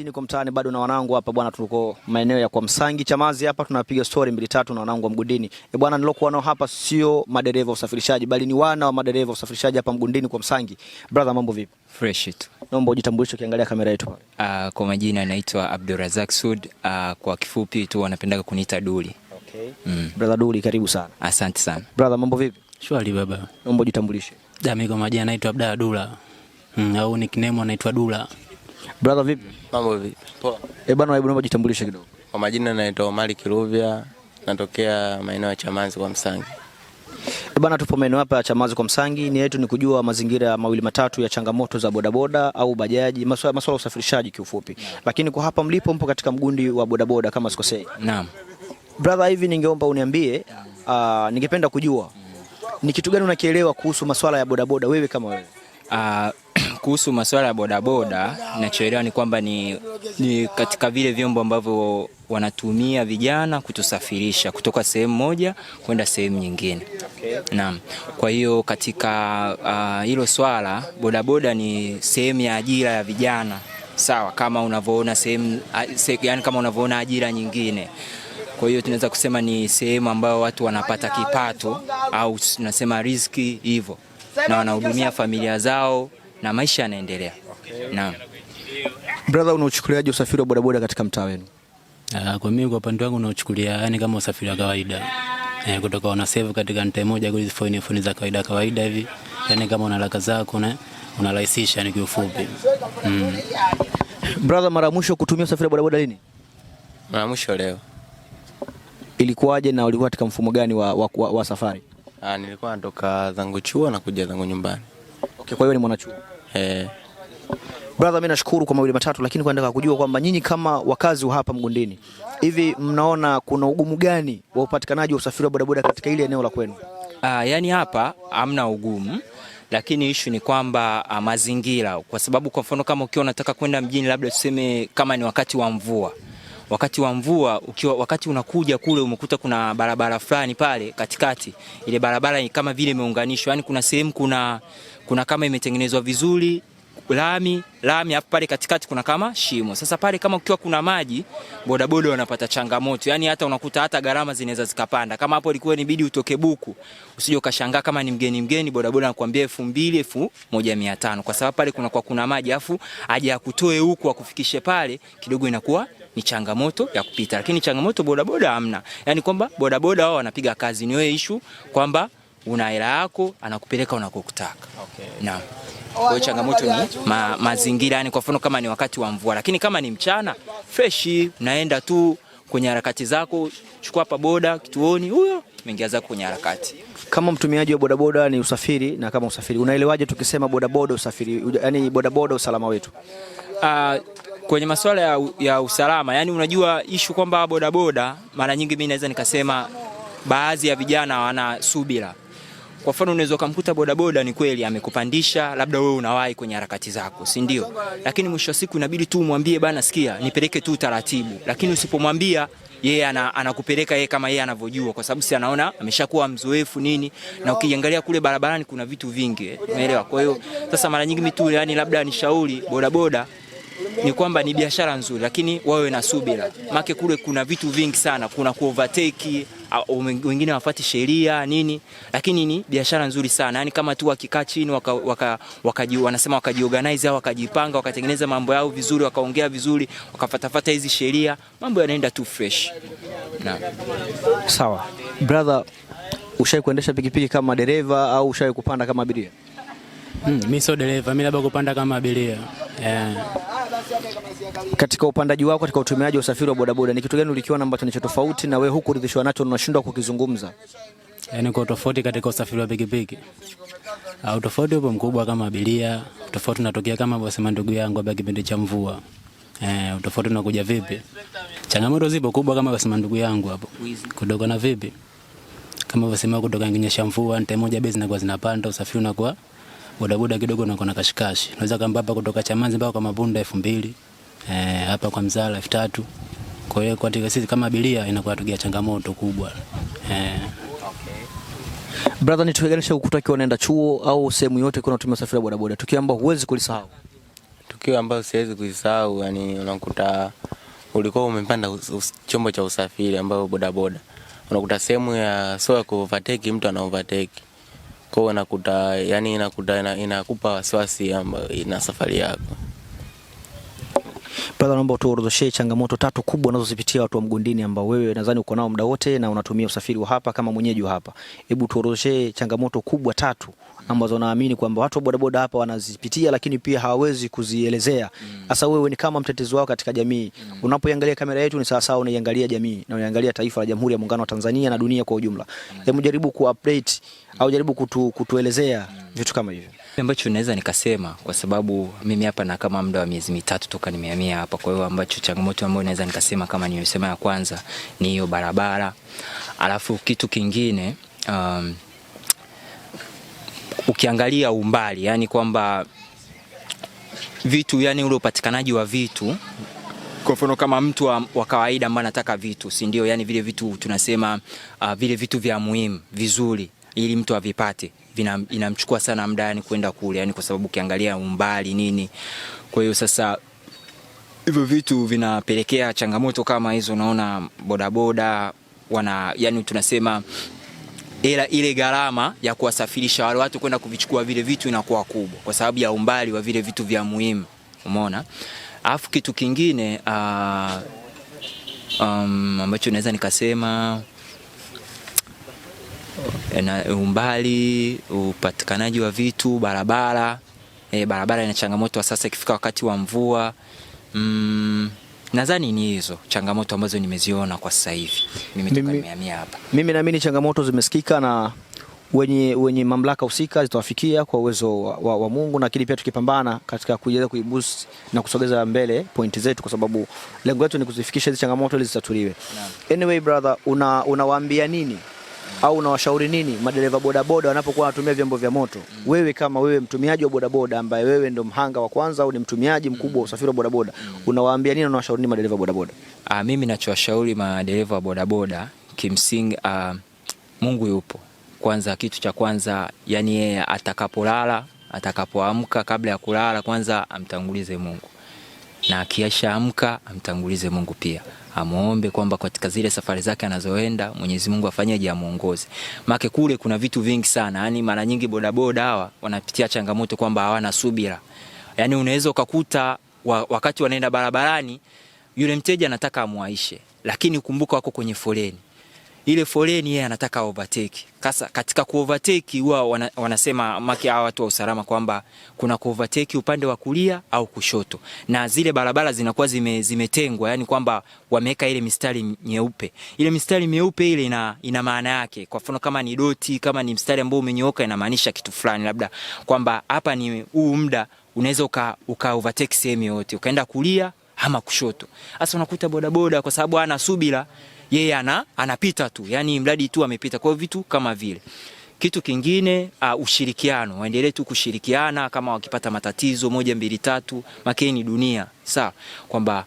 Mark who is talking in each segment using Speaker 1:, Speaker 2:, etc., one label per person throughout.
Speaker 1: kazi niko mtaani bado na wanangu hapa bwana, tuko maeneo ya kwa Msangi Chamazi hapa tunapiga story mbili tatu na wanangu wa Mgundini. E bwana, nilokuwa nao hapa sio madereva usafirishaji, bali ni wana wa madereva usafirishaji hapa Mgundini kwa Msangi. Brother, mambo vipi? Fresh it. Naomba ujitambulishe ukiangalia kamera yetu pale.
Speaker 2: Uh, kwa majina naitwa Abdurazak Sud, uh, kwa kifupi tu wanapendaga kuniita Duli.
Speaker 1: Okay. Mm. Brother Duli, karibu sana.
Speaker 2: Asante sana.
Speaker 1: Brother, mambo vipi?
Speaker 3: Shwari baba.
Speaker 1: Naomba ujitambulishe.
Speaker 3: Dami, kwa majina naitwa Abdalla Dula. Mm, au nickname anaitwa Dula.
Speaker 1: Brother vipi? Mambo vipi? Poa. Eh, bwana hebu naomba jitambulishe kidogo.
Speaker 4: Kwa majina naitwa Omari Kiruvya, natokea maeneo ya Chamazi kwa Msangi.
Speaker 1: Eh, bwana tupo maeneo hapa ya Chamazi kwa Msangi, nia yetu ni kujua mazingira mawili matatu ya changamoto za bodaboda au bajaji, masuala masuala ya usafirishaji kiufupi. Lakini kwa hapa mlipo mpo katika mgundi wa bodaboda kama sikosei. Naam. Brother, hivi ningeomba uniambie, uh, ningependa kujua ni kitu gani unakielewa kuhusu masuala ya bodaboda wewe kama wewe?
Speaker 2: Uh, kuhusu masuala ya bodaboda, nachoelewa ni kwamba ni, ni katika vile vyombo ambavyo wanatumia vijana kutusafirisha kutoka sehemu moja kwenda sehemu nyingine. Naam, kwa hiyo katika ah, hilo uh, swala bodaboda ni sehemu ya ajira ya vijana sawa, kama unavyoona sehemu yani, kama unavyoona ajira nyingine kwa hiyo tunaweza kusema ni sehemu ambayo watu wanapata kipato au tunasema riziki hivyo, na wanahudumia familia zao na maisha yanaendelea. Okay. Naam.
Speaker 1: Brother, unaochukuliaje usafiri wa bodaboda katika mtaa wenu?
Speaker 3: Uh, kwa mimi kwa upande wangu naochukulia yani kama usafiri wa kawaida eh, kutoka una save katika nta moja kwa hizo phone phone za kawaida kawaida hivi, yani kama una haraka zako na unarahisisha, ni kiufupi. Mm.
Speaker 1: Brother, mara mwisho kutumia usafiri wa bodaboda lini?
Speaker 4: Mara mwisho leo.
Speaker 1: Ilikuwaje na ulikuwa katika mfumo gani wa, wa, wa, wa safari?
Speaker 4: Ah, nilikuwa natoka zangu chuo na kuja zangu nyumbani
Speaker 1: wake, kwa hiyo ni mwanachuo eh. Brother, mimi nashukuru kwa mawili matatu, lakini kwa nataka kujua kwamba nyinyi kama wakazi wa hapa mgundini hivi mnaona kuna ugumu gani wa upatikanaji wa usafiri wa bodaboda katika ile eneo la kwenu?
Speaker 2: Ah, yani hapa hamna ugumu lakini ishu ni kwamba ah, mazingira, kwa sababu kwa mfano kama ukiwa unataka kwenda mjini, labda tuseme kama ni wakati wa mvua wakati wa mvua ukiwa, wakati unakuja kule umekuta kuna barabara fulani pale katikati, ile barabara ni kama vile imeunganishwa, yani kuna sehemu kuna, kuna kama imetengenezwa vizuri lami lami, hapo pale katikati kuna kama shimo. Sasa pale kama ukiwa kuna maji, bodaboda wanapata changamoto, yani hata unakuta hata gharama zinaweza zikapanda. Kama hapo ilikuwa inabidi utoke buku, usije ukashangaa kama ni mgeni mgeni, bodaboda anakuambia 2000 1500, kwa sababu pale kuna kwa kuna maji, afu aje akutoe huku akufikishe pale, kidogo inakuwa ni changamoto ya kupita, lakini changamoto bodaboda hamna. Yani kwamba bodaboda wao wanapiga kazi, ni wewe ishu kwamba una hela yako anakupeleka unakokutaka. Okay. Naam. Kwa changamoto ni ma, mazingira yani, kwa mfano kama ni wakati wa mvua, lakini kama ni mchana freshi, unaenda tu kwenye harakati zako, chukua hapa boda kituoni, huyo mengia zako kwenye harakati.
Speaker 1: Kama mtumiaji wa bodaboda ni usafiri, na kama usafiri, unaelewaje tukisema bodaboda usafiri, yani bodaboda usalama wetu?
Speaker 2: Uh, kwenye masuala ya, ya usalama, yani unajua ishu kwamba bodaboda, mara nyingi mimi naweza nikasema baadhi ya vijana wana subira. Kwa mfano unaweza ukamkuta bodaboda ni kweli amekupandisha, labda wewe unawahi kwenye harakati zako, si ndio? Lakini mwisho wa siku inabidi tu umwambie bana, sikia, nipeleke tu taratibu. Lakini usipomwambia yeye anakupeleka yeye kama yeye anavyojua, kwa sababu si anaona ameshakuwa mzoefu nini, na ukiangalia kule barabarani kuna vitu vingi, umeelewa? Kwa hiyo sasa mara nyingi mitu, yani labda nishauri bodaboda ni kwamba ni biashara nzuri, lakini wawe na subira, make kule kuna vitu vingi sana, kuna kuovertake, wengine wafati sheria nini, lakini ni biashara nzuri sana. Yani kama tu wakikaa chini waka, waka, waka, wanasema wakajiorganize au wakajipanga wakatengeneza mambo yao vizuri, wakaongea vizuri, wakafatafata hizi sheria, mambo yanaenda tu fresh. Na
Speaker 1: sawa, brother, ushawahi kuendesha pikipiki kama dereva au ushawahi kupanda kama abiria?
Speaker 3: Hmm, mi sio dereva, mi labda kupanda kama abiria yeah.
Speaker 1: Katika upandaji wako, katika utumiaji wa usafiri wa bodaboda, ni kitu gani ulikiona ambacho ni cha tofauti na wewe huku uridhishwa nacho unashindwa kukizungumza?
Speaker 3: Yaani eh, kwa tofauti katika usafiri wa pikipiki au ah, tofauti upo mkubwa kama abiria, tofauti unatokea kama bosema ndugu yangu hapa kipindi cha mvua. Eh, tofauti unakuja vipi? Changamoto zipo kubwa kama bosema ndugu yangu hapo. Kudoka na vipi? Kama bosema kutoka nginyesha mvua, nte moja na kwa zinapanda, usafiri unakuwa bodaboda kidogo na kuna kashikashi. Naweza kamba hapa kutoka Chamanzi mpaka kwa Mabunda 2000, eh, hapa kwa Mzala 3000. Kwa hiyo katika sisi kama abiria inakuwa tugia changamoto kubwa. Eh.
Speaker 1: Okay. Brother, ni tueganisha ukuta unaenda chuo au sehemu yote kuna tumia safari bodaboda. Tukio ambao huwezi kulisahau.
Speaker 4: Tukio ambao siwezi kulisahau, yani unakuta ulikuwa umepanda chombo cha usafiri ambao bodaboda. Unakuta sehemu ya soko ya kuovertake mtu ana overtake kwao inakuta nakuta yani inakuta ina, inakupa wasiwasi na safari yako.
Speaker 1: Brother, naomba tuorodheshe changamoto tatu kubwa unazozipitia watu wa Mgondini ambao wewe nadhani uko nao muda wote na unatumia usafiri wa hapa kama mwenyeji wa hapa. Hebu tuorodheshe changamoto kubwa tatu ambazo naamini kwamba watu wa bodaboda hapa wanazipitia, lakini pia hawawezi kuzielezea. Mm. Sasa wewe ni kama mtetezi wao katika jamii. Mm. Unapoiangalia kamera yetu, ni sawasawa unaiangalia jamii na unaiangalia taifa la Jamhuri ya Muungano wa Tanzania na dunia kwa ujumla. Mm. Hebu jaribu ku-update au jaribu kutu, kutuelezea vitu kama hivyo
Speaker 2: ambacho naweza nikasema kwa sababu mimi hapa na kama muda wa miezi mitatu toka nimehamia hapa. Kwa hiyo ambacho changamoto ambayo naweza nikasema kama nimesema ya kwanza ni hiyo barabara, alafu kitu kingine um, ukiangalia umbali, yani kwamba vitu yani ule upatikanaji wa vitu kwa mfano kama mtu wa, wa kawaida ambaye anataka vitu, si ndio? Yani vile vitu tunasema uh, vile vitu vya muhimu vizuri, ili mtu avipate inamchukua sana muda yani kwenda kule, yani kwa sababu ukiangalia umbali nini. Kwa hiyo sasa hivyo vitu vinapelekea changamoto kama hizo. naona bodaboda wana yani tunasema ila ile gharama ya kuwasafirisha wale watu kwenda kuvichukua vile vitu inakuwa kubwa kwa sababu ya umbali wa vile vitu vya muhimu, umeona. Alafu kitu kingine uh, um, ambacho naweza nikasema na umbali, upatikanaji wa vitu, barabara. E, barabara ina changamoto sasa ikifika wakati wa mvua mm. Nadhani ni hizo changamoto ambazo nimeziona kwa sasa hivi. Nimetoka nimehamia hapa.
Speaker 1: Mimi naamini changamoto zimesikika na wenye, wenye mamlaka husika zitawafikia kwa uwezo wa, wa, wa Mungu, lakini pia tukipambana katika kuweza kuibusi na kusogeza mbele pointi zetu, kwa sababu lengo letu ni kuzifikisha hizi changamoto ili zitatuliwe. Anyway brother, unawaambia una nini au unawashauri nini madereva bodaboda wanapokuwa wanatumia vyombo vya moto mm. Wewe kama wewe mtumiaji wa bodaboda ambaye wewe ndo mhanga wa kwanza au ni mtumiaji mkubwa wa mm. usafiri wa bodaboda mm. Unawaambia nini, unawashauri nini madereva bodaboda?
Speaker 2: Ah, mimi nachowashauri madereva wa bodaboda kimsingi, ah, Mungu yupo kwanza. Kitu cha kwanza yani, yeye atakapolala atakapoamka, kabla ya kulala, kwanza amtangulize Mungu na amka amtangulize Mungu pia amuombe kwamba katika zile safari zake anazoenda Mwenyezi Mungu afanyeje, amuongoze. Make kule kuna vitu vingi sana, yaani mara nyingi bodaboda hawa wanapitia changamoto kwamba hawana subira, yani unaweza ukakuta wa, wakati wanaenda barabarani yule mteja anataka amwaishe, lakini kumbuka wako kwenye foleni ile foleni yeye anataka overtake. Kasa katika kuovertake huwa wana, wanasema maki hawa watu wa usalama kwamba kuna kuovertake upande wa kulia au kushoto, na zile barabara zinakuwa zime, zimetengwa yani kwamba wameweka ile mistari nyeupe. Ile mistari meupe ile ina, ina maana yake. Kwa mfano kama ni doti, kama ni mstari ambao umenyooka, inamaanisha kitu fulani, labda kwamba hapa ni huu muda unaweza uka, uka overtake sehemu yote ukaenda kulia ama kushoto. Sasa unakuta bodaboda kwa sababu ana subira yeye ana, anapita tu, yani mradi tu amepita. Kwa vitu kama vile kitu kingine uh, ushirikiano, waendelee tu kushirikiana, kama wakipata matatizo moja mbili tatu, makeni dunia sawa, kwamba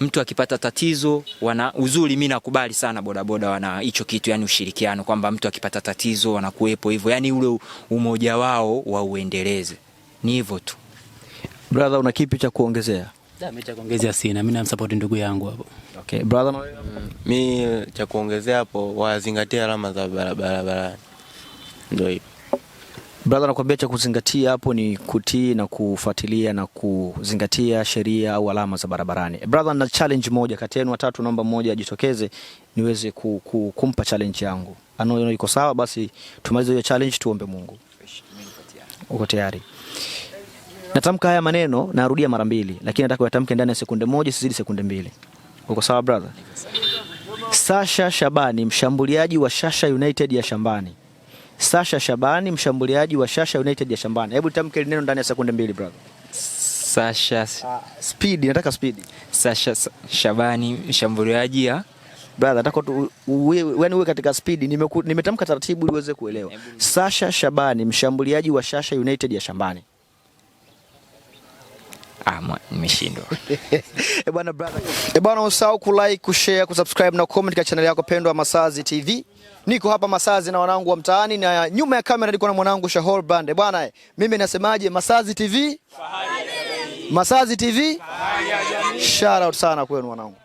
Speaker 2: mtu akipata tatizo wana uzuri, mimi nakubali sana bodaboda wana hicho kitu, yani ushirikiano, kwamba mtu akipata tatizo wanakuwepo hivyo, yani ule umoja wao wauendeleze. Ni hivyo tu
Speaker 1: brother, una kipi cha kuongezea?
Speaker 3: Da, mimi cha kuongezea sina, mimi namsupport ndugu yangu hapo.
Speaker 1: Okay, brother
Speaker 4: mm, mimi cha kuongezea hapo wazingatie alama za barabarani. Ndio hivyo.
Speaker 1: Brother, nakwambia cha kuzingatia hapo ni kutii na kufuatilia na kuzingatia sheria au alama za barabarani. Brother, na challenge moja kati yenu watatu, naomba mmoja ajitokeze niweze ku, ku, kumpa challenge yangu. Anaona iko sawa, basi tumalize hiyo challenge, tuombe Mungu. Uko tayari? Natamka haya maneno narudia mara mbili, lakini nataka uyatamke ndani ya sekunde moja, sizidi sekunde mbili. Uko sawa brother? Sasha Shabani mshambuliaji wa Shasha United ya Shambani. Sasha Shabani mshambuliaji wa Shasha United ya Shambani. Hebu tamke ile neno ndani ya sekunde mbili brother.
Speaker 2: Sasha ah,
Speaker 1: speed, nataka speed.
Speaker 2: Sasha Shabani mshambuliaji ya
Speaker 1: brother, nataka tu wewe uwe katika speed. Nimetamka taratibu ili uweze kuelewa. Sasha Shabani mshambuliaji wa Shasha United ya Shambani.
Speaker 2: Ah, nimeshindwa.
Speaker 1: Eh bwana brother. Eh bwana, usahau kulike, kushare, kusubscribe na comment katika channel yako pendwa Masazi TV. Niko hapa Masazi na wanangu wa mtaani na nyuma ya kamera niko na mwanangu Shahol Brand. Eh bwana, mimi nasemaje Masazi TV? Fahari. Masazi TV?
Speaker 5: Fahari ya jamii.
Speaker 1: Shout out sana kwenu wanangu.